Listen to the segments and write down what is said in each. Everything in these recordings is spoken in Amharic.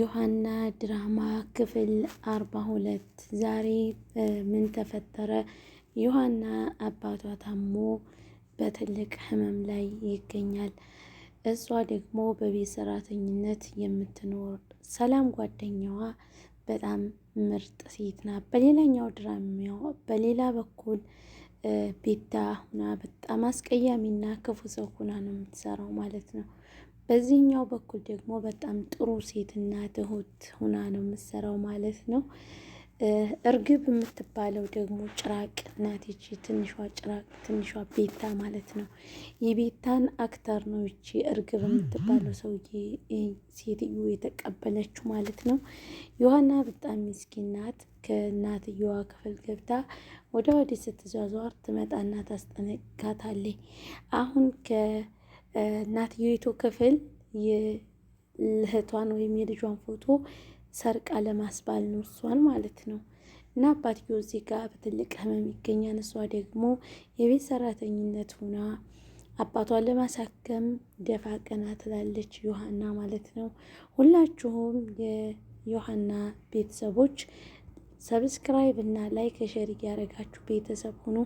ዮሐና ድራማ ክፍል አርባ ሁለት ዛሬ ምን ተፈጠረ? ዮሐና አባቷ ታሞ በትልቅ ህመም ላይ ይገኛል። እሷ ደግሞ በቤት ሰራተኝነት የምትኖር ሰላም ጓደኛዋ በጣም ምርጥ ሴት ናት። በሌላኛው ድራማው በሌላ በኩል ቤታ ሁና በጣም አስቀያሚና ክፉ ሰው ሁና ነው የምትሰራው ማለት ነው። በዚህኛው በኩል ደግሞ በጣም ጥሩ ሴትና ትሁት ሁና ነው የምትሰራው ማለት ነው። እርግብ የምትባለው ደግሞ ጭራቅ ናት። ይቺ ትንሿ ጭራቅ ትንሿ ቤታ ማለት ነው። የቤታን አክተር ነው ይቺ እርግብ የምትባለው ሰውዬ ሴትዮ የተቀበለችው ማለት ነው። ዮሐና በጣም ምስኪን ናት። ከእናትየዋ ክፍል ገብታ ወደ ወዲህ ስትዟዟር ትመጣና ታስጠነቅቃታለች። አሁን እናትየቱ ክፍል የእህቷን ወይም የልጇን ፎቶ ሰርቃ ለማስባል ነው እሷን ማለት ነው። እና አባትየው እዚህ ጋር በትልቅ ህመም ይገኛል። እሷ ደግሞ የቤት ሰራተኝነት ሁና አባቷን ለማሳከም ደፋ ቀና ትላለች፣ ዮሐና ማለት ነው። ሁላችሁም የዮሐና ቤተሰቦች ሰብስክራይብ እና ላይክ ሸር እያደረጋችሁ ቤተሰብ ሁኑ።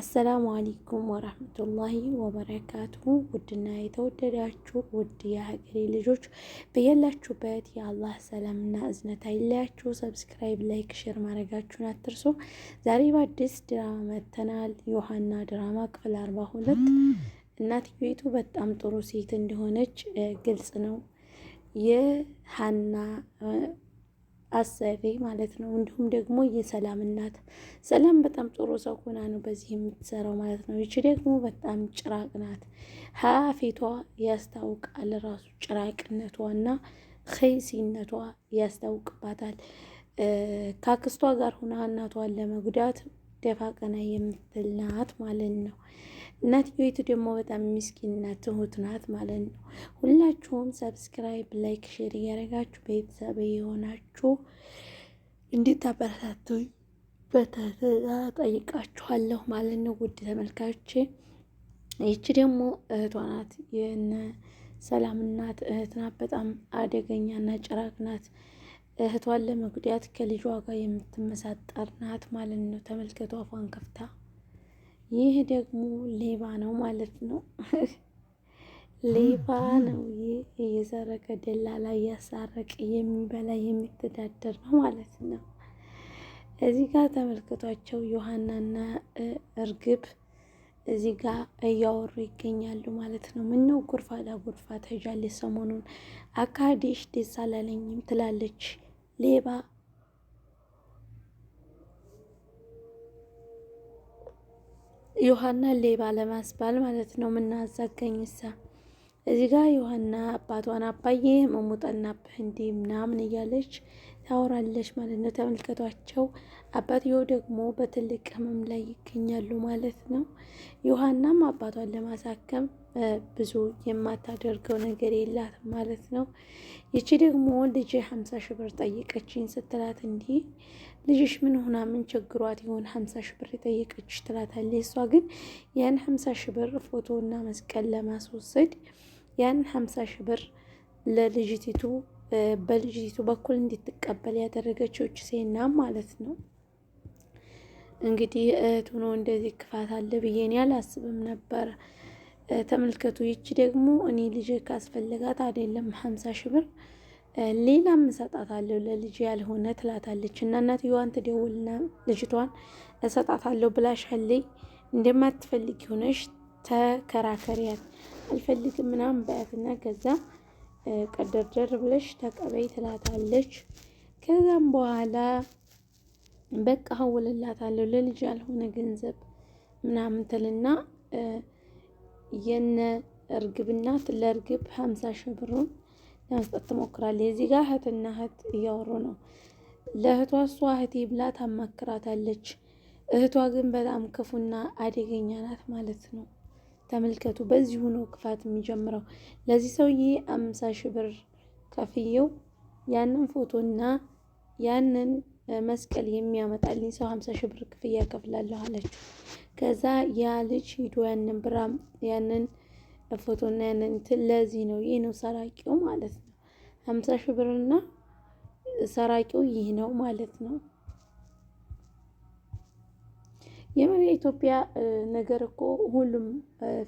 አሰላሙ አለይኩም ወራህመቱላሂ ወበረካቱሁ። ውድና የተወደዳችሁ ውድ የሀገሬ ልጆች በያላችሁበት የአላህ ሰላምና እዝነት አይለያችሁ። ሰብስክራይብ፣ ላይክ፣ ሸር ማድረጋችሁን አትርሱ። ዛሬ በአዲስ ድራማ መተናል። ዮሐና ድራማ ክፍል አርባ ሁለት እናትየቱ በጣም ጥሩ ሴት እንደሆነች ግልጽ ነው የሀና አሰሪ ማለት ነው። እንዲሁም ደግሞ የሰላም እናት ሰላም በጣም ጥሩ ሰው ሆና ነው በዚህ የምትሰራው ማለት ነው። ይቺ ደግሞ በጣም ጭራቅ ናት። ሀ ፊቷ ያስታውቃል ራሱ ጭራቅነቷና ከይሲነቷ ያስታውቅባታል። ካክስቷ ጋር ሁና እናቷን ለመጉዳት ደፋ ቀና የምትል ናት ማለት ነው። እናትየቱ ደግሞ በጣም ምስኪን ናት፣ ትሁት ናት ማለት ነው። ሁላችሁም ሰብስክራይብ፣ ላይክ፣ ሼር እያደረጋችሁ ቤተሰብ የሆናችሁ እንድታበረታቱ ጠይቃችኋለሁ ማለት ነው። ውድ ተመልካች ይቺ ደግሞ እህቷ ናት፣ የነ ሰላም እናት እህት ናት። በጣም አደገኛ እና ጭራቅ ናት። እህቷን ለመጉዳት ከልጇ ጋር የምትመሳጠር ናት ማለት ነው። ተመልከቱ አፏን ከፍታ። ይህ ደግሞ ሌባ ነው ማለት ነው። ሌባ ነው ይህ እየሰረቀ ደላላ እያሳረቀ የሚበላ የሚተዳደር ነው ማለት ነው። እዚህ ጋር ተመልክቷቸው ዮሐናና እርግብ እዚህ ጋር እያወሩ ይገኛሉ ማለት ነው። ምን ነው ጉርፋ ለጉርፋ ተይዣለች ሰሞኑን አካዲሽ ደስ አላለኝም ትላለች። ሌባ ዮሐና ሌባ ለማስባል ማለት ነው። ምናዛገኝ ሳ እዚህ ጋር ዮሐና አባቷን አባዬ ህመሙ ጠናብህ እንዲህ ምናምን እያለች ታወራለች ማለት ነው። ተመልከቷቸው። አባትየው ደግሞ በትልቅ ህመም ላይ ይገኛሉ ማለት ነው። ዮሐናም አባቷን ለማሳከም ብዙ የማታደርገው ነገር የላትም ማለት ነው። ይቺ ደግሞ ልጅ ሀምሳ ሺ ብር ጠየቀችኝ ስትላት እንዲህ ልጅሽ ምን ሆና ምን ችግሯት ይሆን ሀምሳ ሺ ብር የጠየቀችሽ ትላታለች። እሷ ግን ያን ሀምሳ ሺ ብር እና መስቀል ለማስወሰድ ያን ሀምሳ ሺ ብር ለልጅቲቱ በልጅቲቱ በኩል እንድትቀበል ያደረገችው እች ሴና ማለት ነው። እንግዲህ እህት ሆኖ እንደዚህ ክፋት አለ ብዬ እኔ አላስብም ነበር። ተመልከቱ። ይቺ ደግሞ እኔ ልጅ ካስፈለጋት አይደለም ሀምሳ ሺህ ብር ሌላም እሰጣታለሁ ለልጅ ያልሆነ ትላታለች እና እናትየዋን ትደውልና ልጅቷን እሰጣታለሁ ብላሻለኝ እንደማትፈልግ ሆነሽ ተከራከሪያት አልፈልግም ምናምን በያትና ከዛ ቀደርደር ብለሽ ተቀበይ ትላታለች። ከዛም በኋላ በቃ ሀውልላታለሁ ለልጅ ያልሆነ ገንዘብ ምናምን ትልና የነ እርግብ እናት ለእርግብ ሀምሳ ሺህ ብሩን ለመስጠት ትሞክራለች። እዚህ ጋር እህትና እህት እያወሩ ነው። ለእህቷ እሷ እህቴ ብላ ታማክራታለች። እህቷ ግን በጣም ክፉና አደገኛ ናት ማለት ነው። ተመልከቱ። በዚህ ሆኖ ክፋት የሚጀምረው ለዚህ ሰውዬ አምሳ ሺህ ብር ከፍየው ያንን ፎቶና ያንን መስቀል የሚያመጣልኝ ሰው ሀምሳ ሺህ ብር ክፍያ ከፍላለሁ አለችው። ከዛ ያ ልጅ ሂዶ ያንን ብራ ያንን ፎቶና ያንን ለዚህ ነው ይህ ነው ሰራቂው ማለት ነው። ሀምሳ ሺህ ብርና ሰራቂው ይህ ነው ማለት ነው። የምን የኢትዮጵያ ነገር እኮ ሁሉም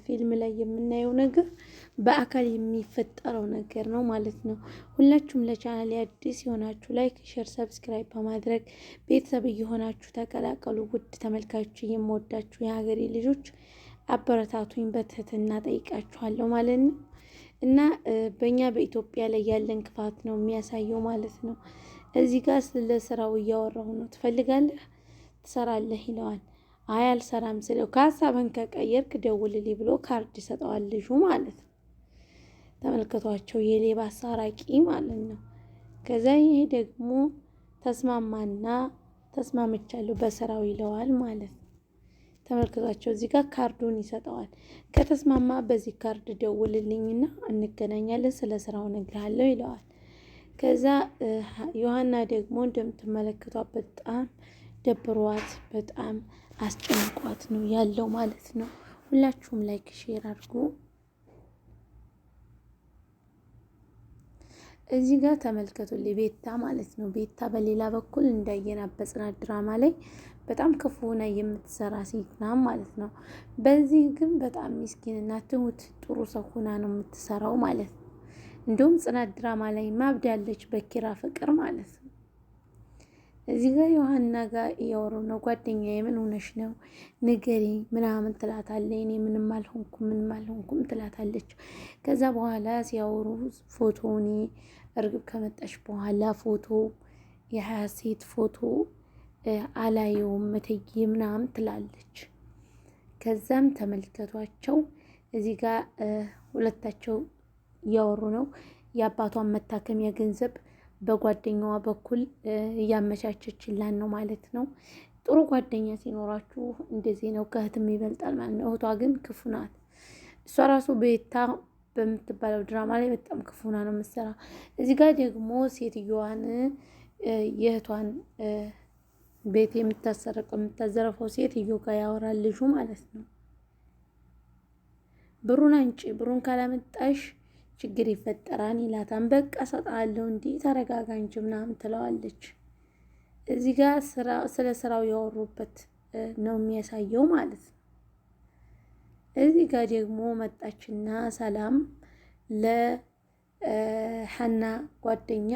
ፊልም ላይ የምናየው ነገር በአካል የሚፈጠረው ነገር ነው ማለት ነው። ሁላችሁም ለቻናል አዲስ የሆናችሁ ላይክ፣ ሼር፣ ሰብስክራይብ በማድረግ ቤተሰብ እየሆናችሁ ተቀላቀሉ። ውድ ተመልካቾች፣ የምወዳችሁ የሀገሬ ልጆች አበረታቱኝ በትህትና ጠይቃችኋለሁ ማለት ነው። እና በእኛ በኢትዮጵያ ላይ ያለን ክፋት ነው የሚያሳየው ማለት ነው። እዚህ ጋር ስለ ስራው እያወራሁ ነው። ትፈልጋለህ፣ ትሰራለህ ይለዋል። አይ አልሰራም ስለው ከሀሳብን ከቀየርክ ደውልልኝ ብሎ ካርድ ይሰጠዋል ልጁ ማለት ነው። ተመልክቷቸው የሌባ አሳራቂ ማለት ነው። ከዛ ይሄ ደግሞ ተስማማና ተስማምቻለሁ በስራው ይለዋል ማለት ነው። ተመልክቷቸው እዚህ ጋር ካርዱን ይሰጠዋል። ከተስማማ በዚህ ካርድ ደውልልኝና እንገናኛለን፣ ስለ ስራው እነግርሃለሁ ይለዋል። ከዛ ዮሐና ደግሞ እንደምትመለከቷ በጣም ደብሯት በጣም አስጨንቋት ነው ያለው ማለት ነው። ሁላችሁም ላይክ ሼር አድርጉ። እዚህ ጋር ተመልከቱልኝ ቤታ ማለት ነው። ቤታ በሌላ በኩል እንዳየና በጽናት ድራማ ላይ በጣም ክፉ ሆና የምትሰራ ሴት ናት ማለት ነው። በዚህ ግን በጣም ሚስኪንና ትሁት ጥሩ ሰው ሆና ነው የምትሰራው ማለት ነው። እንዲሁም ጽናት ድራማ ላይ ማብዳለች በኪራ ፍቅር ማለት ነው። እዚህ ጋር ዮሐና ጋር እያወሩ ነው። ጓደኛ የምን ሆነሽ ነው ንገሪ ምናምን ትላታለ። እኔ ምንም አልሆንኩም ምንም አልሆንኩም ትላታለች። ከዛ በኋላ ሲያወሩ ፎቶ እኔ እርግብ ከመጣሽ በኋላ ፎቶ የሀሴት ፎቶ አላየውም መተዬ ምናምን ትላለች። ከዛም ተመልከቷቸው እዚህ ጋር ሁለታቸው እያወሩ ነው። የአባቷን መታከሚያ ገንዘብ በጓደኛዋ በኩል እያመቻቸችላን ነው ማለት ነው። ጥሩ ጓደኛ ሲኖራችሁ እንደዚህ ነው፣ ከእህትም ይበልጣል ማለት ነው። እህቷ ግን ክፉ ናት። እሷ ራሱ ቤታ በምትባለው ድራማ ላይ በጣም ክፉና ነው የምትሰራ። እዚህ ጋር ደግሞ ሴትዮዋን የእህቷን ቤት የምታሰረቀው የምታዘረፈው ሴትዮ ጋር ያወራል ልጁ ማለት ነው። ብሩን አንጪ፣ ብሩን ካላመጣሽ ችግር ይፈጠራል ይላታን። በቃ ሰጣለሁ እንዲ ተረጋጋ እንጂ ምናምን ትለዋለች። እዚህ ጋር ስለ ስራው ያወሩበት ነው የሚያሳየው ማለት ነው። እዚህ ጋር ደግሞ መጣችና ሰላም ለሐና ጓደኛ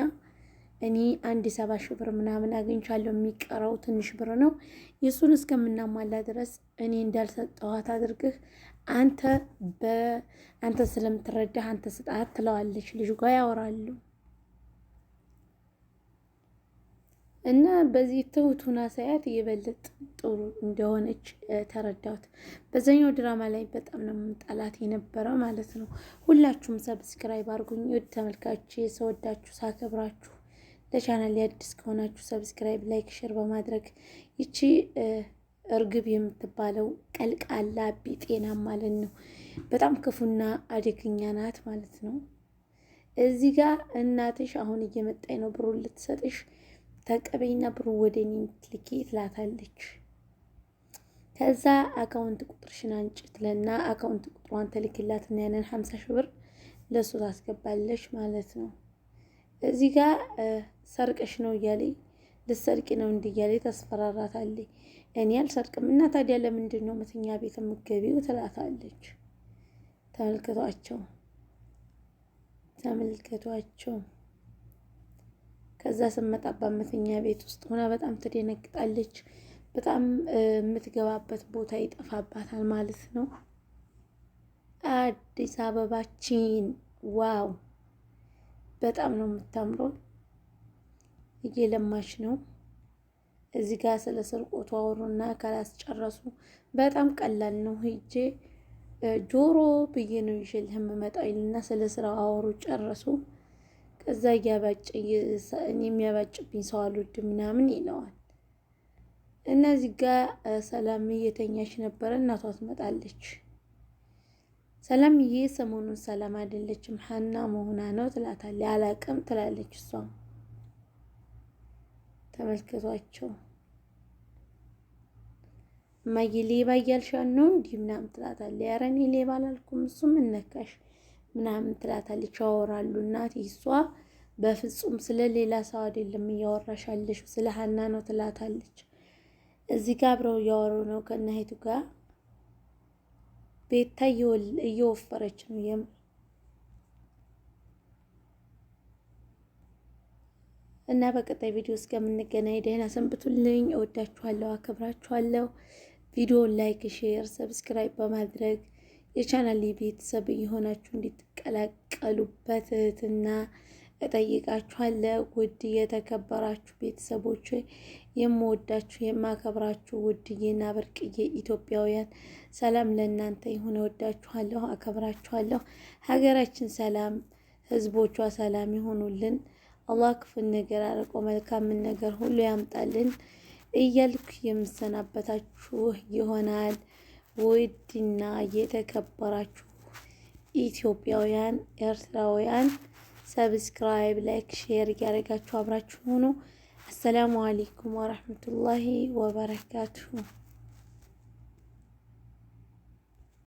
እኔ አንድ ሰባ ሺህ ብር ምናምን አግኝቻለሁ። የሚቀረው ትንሽ ብር ነው። የእሱን እስከምናሟላ ድረስ እኔ እንዳልሰጠኋት አድርግህ አንተ በአንተ ስለምትረዳህ አንተ ስጣት ትለዋለች። ልጅ ጋር ያወራሉ እና በዚህ ትሁቱና ሳያት የበለጥ ጥሩ እንደሆነች ተረዳሁት። በዛኛው ድራማ ላይ በጣም ነው የምጠላት የነበረ ማለት ነው። ሁላችሁም ሰብስክራይብ አድርጉኝ ውድ ተመልካች፣ ሰወዳችሁ ሳከብራችሁ። ለቻናል አዲስ ከሆናችሁ ሰብስክራይብ፣ ላይክ፣ ሽር በማድረግ ይቺ እርግብ የምትባለው ቀልቃላ ቢጤና ማለት ነው። በጣም ክፉና አደገኛ ናት ማለት ነው። እዚህ ጋር እናትሽ አሁን እየመጣኝ ነው ብሩን ልትሰጥሽ ተቀበይና ብሩ ወደ እኔ የምትልኪ ትላታለች። ከዛ አካውንት ቁጥርሽን አንጭ ትለና አካውንት ቁጥሯን ተልክላትና ያንን ሀምሳ ሺህ ብር ለእሱ ታስገባለች ማለት ነው። እዚህ ጋር ሰርቀሽ ነው እያለኝ ልሰርቂ ነው እንዲያለ ታስፈራራታለች። እኔ አልሰርቅም እና ታዲያ ለምንድን ነው መተኛ ቤት የምትገቢው? ትላታለች። ተመልክቷቸው ተመልክቷቸው ከዛ ስመጣባት መተኛ ቤት ውስጥ ሆና በጣም ትደነግጣለች። በጣም የምትገባበት ቦታ ይጠፋባታል ማለት ነው። አዲስ አበባችን ዋው! በጣም ነው የምታምረው። እየለማች ነው። እዚህ ጋር ስለ ስርቆቱ አወሩና ካላስጨረሱ በጣም ቀላል ነው። ሂጄ ጆሮ ብዬ ነው ይሽልህ የምመጣው ይልና ስለ ስራው አወሩ ጨረሱ። ከዛ እያባጭ የሚያባጭብኝ ሰው ምናምን ይለዋል። እነዚህ ጋ ሰላም እየተኛች ነበረ። እናቷ ትመጣለች። ሰላምዬ ሰሞኑን ሰላም አይደለችም ሀና መሆና ነው ትላታለች። አላቅም ትላለች እሷም ተመልክቷቸው እማዬ ሌባ እያልሻት ነው እንዲህ ምናምን ትላታለች። ኧረ እኔ ሌባ አላልኩም እሱ ምን ነካሽ ምናምን ትላታለች። ያወራሉ እናት ይሷ በፍጹም ስለ ሌላ ሰው አይደለም እያወራሻለሽ ስለ ሀና ነው ትላታለች። እዚህ ጋር አብረው እያወሩ ነው ከነሄቱ ጋር ቤታ እየወፈረች ነው የምር እና በቀጣይ ቪዲዮ እስከምንገናኝ ደህና ሰንብቱልኝ። እወዳችኋለሁ፣ አከብራችኋለሁ። ቪዲዮ ላይክ፣ ሼር፣ ሰብስክራይብ በማድረግ የቻናል ቤተሰብ የሆናችሁ እንድትቀላቀሉበት እህትና እጠይቃችኋለሁ። ውድ የተከበራችሁ ቤተሰቦች፣ የምወዳችሁ የማከብራችሁ ውድዬና ብርቅዬ ኢትዮጵያውያን ሰላም ለእናንተ ይሁን። እወዳችኋለሁ፣ አከብራችኋለሁ። ሀገራችን ሰላም፣ ህዝቦቿ ሰላም ይሆኑልን። አላህ ክፉን ነገር አርቆ መልካምን ነገር ሁሉ ያምጣልን እያልኩ የምሰናበታችሁ ይሆናል። ውድና የተከበራችሁ ኢትዮጵያውያን፣ ኤርትራውያን ሰብስክራይብ፣ ላይክ፣ ሼር እያደረጋችሁ አብራችሁ ሆኑ አሰላሙ አሌይኩም ወረህመቱላሂ ወበረካቱሁ።